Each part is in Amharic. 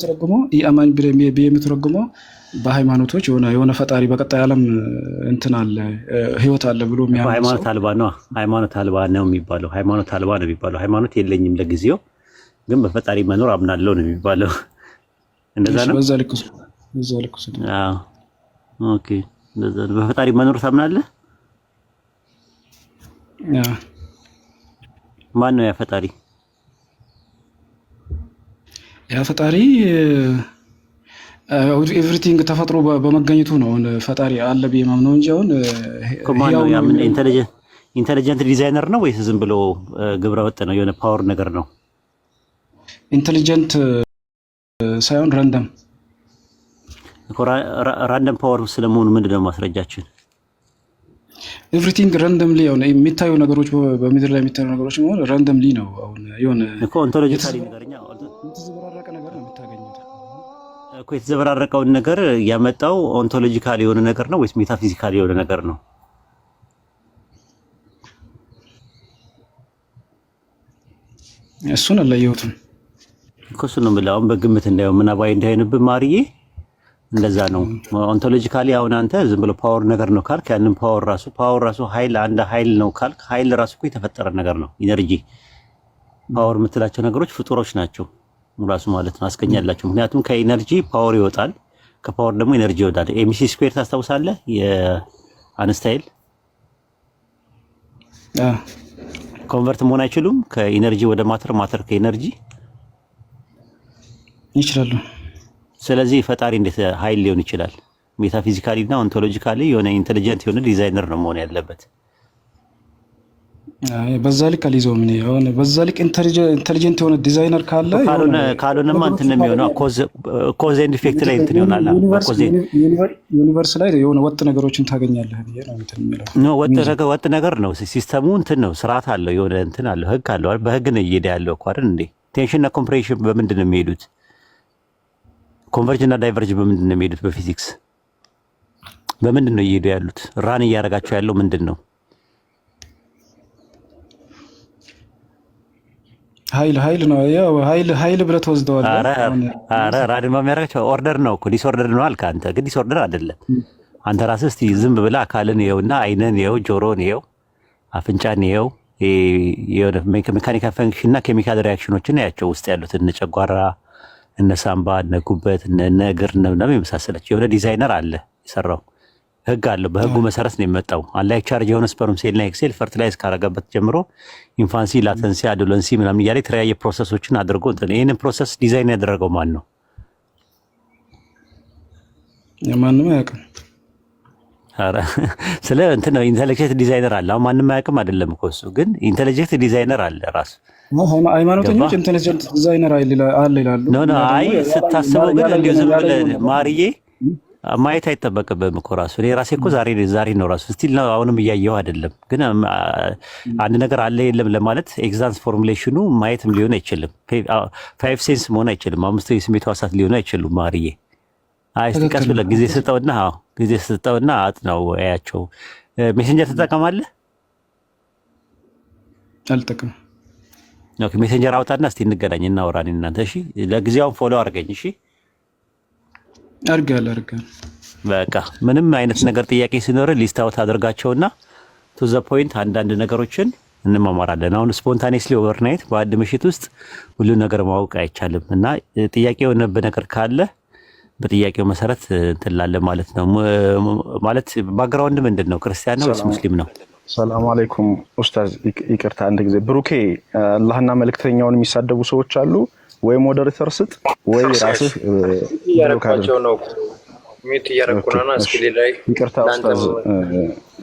የምትረጉመው የአማኝ ብዬ የምትረጉመው በሃይማኖቶች የሆነ ፈጣሪ በቀጣይ ዓለም እንትን አለ ህይወት አለ ብሎ ሃይማኖት አልባ ነው ሃይማኖት አልባ ነው የሚባለው ሃይማኖት አልባ ነው የሚባለው ሃይማኖት የለኝም ለጊዜው ግን በፈጣሪ መኖር አምናለው ነው የሚባለው እንደዛ ነው በፈጣሪ መኖር ታምናለህ ማን ነው ያ ፈጣሪ ያ ፈጣሪ ኤቭሪቲንግ ተፈጥሮ በመገኘቱ ነው ፈጣሪ አለ ብዬ ማምነው እንጂ አሁን ኢንቴሊጀንት ዲዛይነር ነው ወይስ ዝም ብሎ ግብረ ወጥ ነው? የሆነ ፓወር ነገር ነው? ኢንቴሊጀንት ሳይሆን ራንደም ራንደም ፓወር ስለመሆኑ ምንድን ነው ማስረጃችን? ኤቭሪቲንግ ራንደም ሊ ሆነ የሚታዩ ነገሮች በምድር ላይ የሚታዩ ነገሮች መሆን ራንደም ሊ ነው። አሁን የሆነ ኢንቶሎጂካሊ ነገርኛ እኮ የተዘበራረቀውን ነገር ያመጣው ኦንቶሎጂካል የሆነ ነገር ነው ወይስ ሜታፊዚካል የሆነ ነገር ነው? እሱን አላየሁትም እኮ እሱን ነው የምልህ። አሁን በግምት እንዳየው ምናባዊ እንዳይሆንብህ ማርዬ፣ እንደዛ ነው ኦንቶሎጂካሊ። አሁን አንተ ዝም ብሎ ፓወር ነገር ነው ካልክ ያንን ፓወር ራሱ ፓወር ራሱ ሀይል አንድ ሀይል ነው ካልክ ሀይል ራሱ እኮ የተፈጠረ ነገር ነው። ኢነርጂ ፓወር የምትላቸው ነገሮች ፍጡሮች ናቸው። ራሱ ማለት ነው አስገኛላችሁ። ምክንያቱም ከኢነርጂ ፓወር ይወጣል፣ ከፓወር ደግሞ ኢነርጂ ይወጣል። ኤምሲ ስኩዌር ታስታውሳለህ? የአንስታይል ኮንቨርት መሆን አይችሉም? ከኢነርጂ ወደ ማተር፣ ማተር ከኢነርጂ ይችላሉ። ስለዚህ ፈጣሪ እንዴት ኃይል ሊሆን ይችላል? ሜታፊዚካሊ እና ኦንቶሎጂካሊ የሆነ ኢንቴሊጀንት የሆነ ዲዛይነር ነው መሆን ያለበት። በዛ ልክ አልይዘውም። ምን ሆነ? በዛ ልክ ኢንተሊጀንት የሆነ ዲዛይነር ካለ ካልሆነማ እንትን ነው የሚሆነው፣ ኮዝ ኤንድ ኢፌክት ላይ እንትን ይሆናል። ዩኒቨርስ ላይ የሆነ ወጥ ነገሮችን ታገኛለህ። ወጥ ነገር ነው ሲስተሙ። እንትን ነው ስርዓት አለው፣ የሆነ እንትን አለው፣ ህግ አለው። በህግ ነው እየሄደ ያለው እኮ አይደል እንዴ? ቴንሽንና ኮምፕሬሽን በምንድን ነው የሚሄዱት? ኮንቨርጅ እና ዳይቨርጅ በምንድን ነው የሚሄዱት? በፊዚክስ በምንድን ነው እየሄዱ ያሉት? ራን እያደረጋቸው ያለው ምንድን ነው? ሀይል ሀይል ነው ያው ሀይል ሀይል ብለህ ትወስደዋለህ። ኧረ ራድማ የሚያደርጋቸው ኦርደር ነው እኮ ዲስኦርደር ነው አልክ አንተ። ግን ዲስኦርደር አይደለም አንተ ራስህ። እስቲ ዝም ብለህ አካልን ይኸውና፣ አይንን ይኸው፣ ጆሮን ይኸው፣ አፍንጫን ይኸው፣ ሜካኒካል ፈንክሽን እና ኬሚካል ሪያክሽኖችን ያቸው ውስጥ ያሉት እነ ጨጓራ፣ እነ ሳምባ፣ እነ ጉበት፣ እነ እግር ነው የመሳሰለች የሆነ ዲዛይነር አለ የሰራው ህግ አለው። በህጉ መሰረት ነው የሚመጣው። አንላይክ ቻርጅ የሆነ ስፐርም ሴል ሴልና ኤክሴል ፈርትላይዝ ካረገበት ጀምሮ ኢንፋንሲ፣ ላተንሲ፣ አዶለንሲ ምናምን እያለ የተለያየ ፕሮሰሶችን አድርጎ ይህንን ፕሮሰስ ዲዛይን ያደረገው ማን ነው? ማንም አያውቅም። ስለ እንትን ነው ኢንቴሊጀንት ዲዛይነር አለ። አሁን ማንም አያውቅም አይደለም እኮ እሱ፣ ግን ኢንቴሊጀንት ዲዛይነር አለ ራሱ ሃይማኖተኞች ኢንቴሊጀንት ዲዛይነር አለ ይላሉ። አይ ስታስበው ግን እንዲሁ ዝም ብለህ ማርዬ ማየት አይጠበቅብም እኮ ራሱ እኔ ራሴ እኮ ዛሬ ዛሬ ነው ራሱ ስቲል ነው አሁንም እያየው አይደለም። ግን አንድ ነገር አለ የለም ለማለት ኤግዛንስ ፎርሙሌሽኑ ማየትም ሊሆን አይችልም። ፋይቭ ሴንስ መሆን አይችልም። አምስት የስሜቱ ሀሳት ሊሆኑ አይችሉም። ማርዬ አይ ቀስ ጊዜ ስጠውና ጊዜ ስጠውና አጥናው እያቸው። ሜሴንጀር ትጠቀማለህ? አልጠቅም። ሜሴንጀር አውጣና እስቲ እንገናኝ እናወራን እናንተ። እሺ ለጊዜውን ፎሎ አድርገኝ እሺ። አርጋል አርጋል በቃ ምንም አይነት ነገር ጥያቄ ሲኖር ሊስት አውት አድርጋቸውና ቱ ዘ ፖይንት አንዳንድ ነገሮችን እንማማራለን። አሁን ስፖንታኔስሊ ኦቨርናይት በአንድ ምሽት ውስጥ ሁሉ ነገር ማወቅ አይቻልም እና ጥያቄ የሆነብህ ነገር ካለ በጥያቄው መሰረት እንትላለን ማለት ነው። ማለት ባግራውንድ ምንድን ነው? ክርስቲያን ነው ወይስ ሙስሊም ነው? ሰላም አለይኩም ኡስታዝ፣ ይቅርታ አንድ ጊዜ ብሩኬ፣ አላህና መልእክተኛውን የሚሳደቡ ሰዎች አሉ ወይ ሞዴሬተር ስጥ ወይ ራስህ እያረኳቸው ነው። ሚት እያረኩናና እስኪ ላይ ይቅርታ ኡስታዝ፣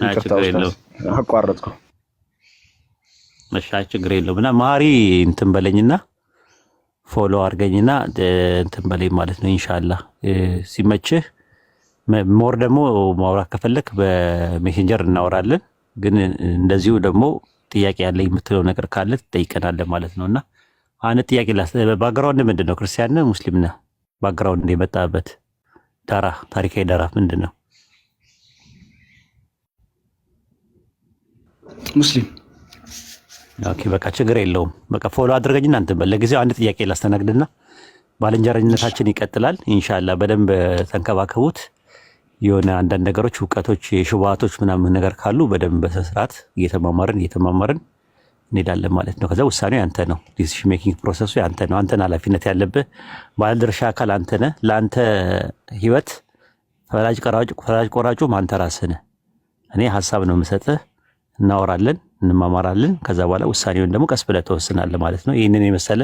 ይቅርታ ኡስታዝ አቋረጥኩ። መሻ ችግር የለውም እና ማሪ እንትን በለኝና ፎሎ አድርገኝና እንትን በለኝ ማለት ነው። ኢንሻላ ሲመችህ ሞር ደግሞ ማውራት ከፈለክ በሜሴንጀር እናወራለን። ግን እንደዚሁ ደግሞ ጥያቄ ያለ የምትለው ነገር ካለ ትጠይቀናለን ማለት ነውና አንድ ጥያቄ ላስ ባክግራውንድ ምንድን ነው? ክርስቲያን ነህ? ሙስሊም ነህ? ባክግራውንድ የመጣበት ዳራ ታሪካዊ ዳራ ምንድን ነው? ሙስሊም። ኦኬ በቃ ችግር የለውም። በቃ ፎሎ አድርገኝ። እናንተ ለጊዜው አንድ ጥያቄ ላስተናግድና ባልንጀረኝነታችን ይቀጥላል ኢንሻላ። በደንብ ተንከባከቡት። የሆነ አንዳንድ ነገሮች እውቀቶች፣ የሽባቶች ምናምን ነገር ካሉ በደንብ በስርዓት እየተማማርን እየተማማርን እንሄዳለን ማለት ነው። ከዛ ውሳኔው ያንተ ነው። ዲሲሽን ሜኪንግ ፕሮሰሱ ያንተ ነው። አንተን ኃላፊነት ያለብህ ባለድርሻ አካል አንተ ነህ። ለአንተ ህይወት ፈላጅ ቆራጩም አንተ ራስህ ነህ። እኔ ሀሳብ ነው የምሰጥህ። እናወራለን፣ እንማማራለን። ከዛ በኋላ ውሳኔውን ደግሞ ቀስ ብለህ ትወስናለህ ማለት ነው። ይህንን የመሰለ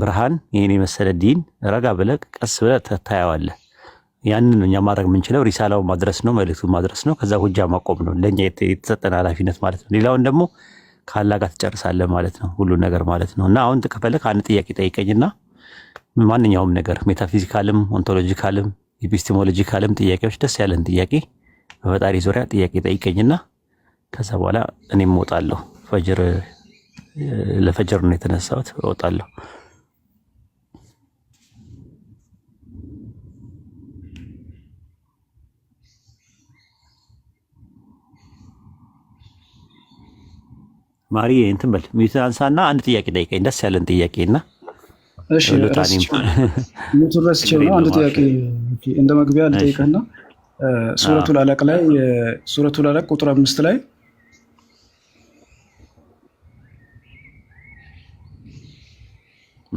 ብርሃን፣ ይህን የመሰለ ዲን ረጋ ብለህ ቀስ ብለህ ታያዋለ። ያንን ነው እኛ ማድረግ የምንችለው። ሪሳላው ማድረስ ነው፣ መልክቱ ማድረስ ነው። ከዛ ሁጃ ማቆም ነው ለእኛ የተሰጠን ኃላፊነት ማለት ነው። ሌላውን ደግሞ ካላጋት ጋር ትጨርሳለህ ማለት ነው፣ ሁሉን ነገር ማለት ነው። እና አሁን ከፈለክ አንድ ጥያቄ ጠይቀኝና ማንኛውም ነገር ሜታፊዚካልም፣ ኦንቶሎጂካልም፣ ኢፒስቲሞሎጂካልም ጥያቄዎች ደስ ያለን ጥያቄ በፈጣሪ ዙሪያ ጥያቄ ጠይቀኝና ከዛ በኋላ እኔም እወጣለሁ። ፈጅር ለፈጅር ነው የተነሳሁት፣ እወጣለሁ። ማሪ እንትን በል ሚዩት አንሳና አንድ ጥያቄ ጠይቀኝ፣ ደስ ያለን ጥያቄ እና ሚዩቱን ረስቼው ነው። አንድ ጥያቄ እንደ መግቢያ ልጠይቅህና ሱረቱ ላለቅ ላይ ሱረቱ ላለቅ ቁጥር አምስት ላይ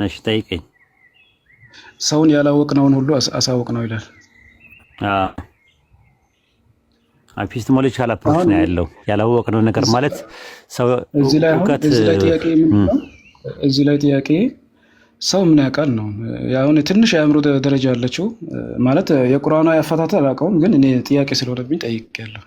እሺ ጠይቀኝ። ሰውን ያላወቅነውን ሁሉ አሳወቅ ነው ይላል። ኤፒስቲሞሎጂ ያለ አፕሮች ነው ያለው። ያላወቅነው ነገር ማለት እዚህ ላይ ጥያቄ ሰው ምን ያውቃል ነው። አሁን ትንሽ የአእምሮ ደረጃ ያለችው ማለት የቁርአኗ ያፈታተል አላውቀውም፣ ግን እኔ ጥያቄ ስለሆነብኝ ጠይቄያለሁ።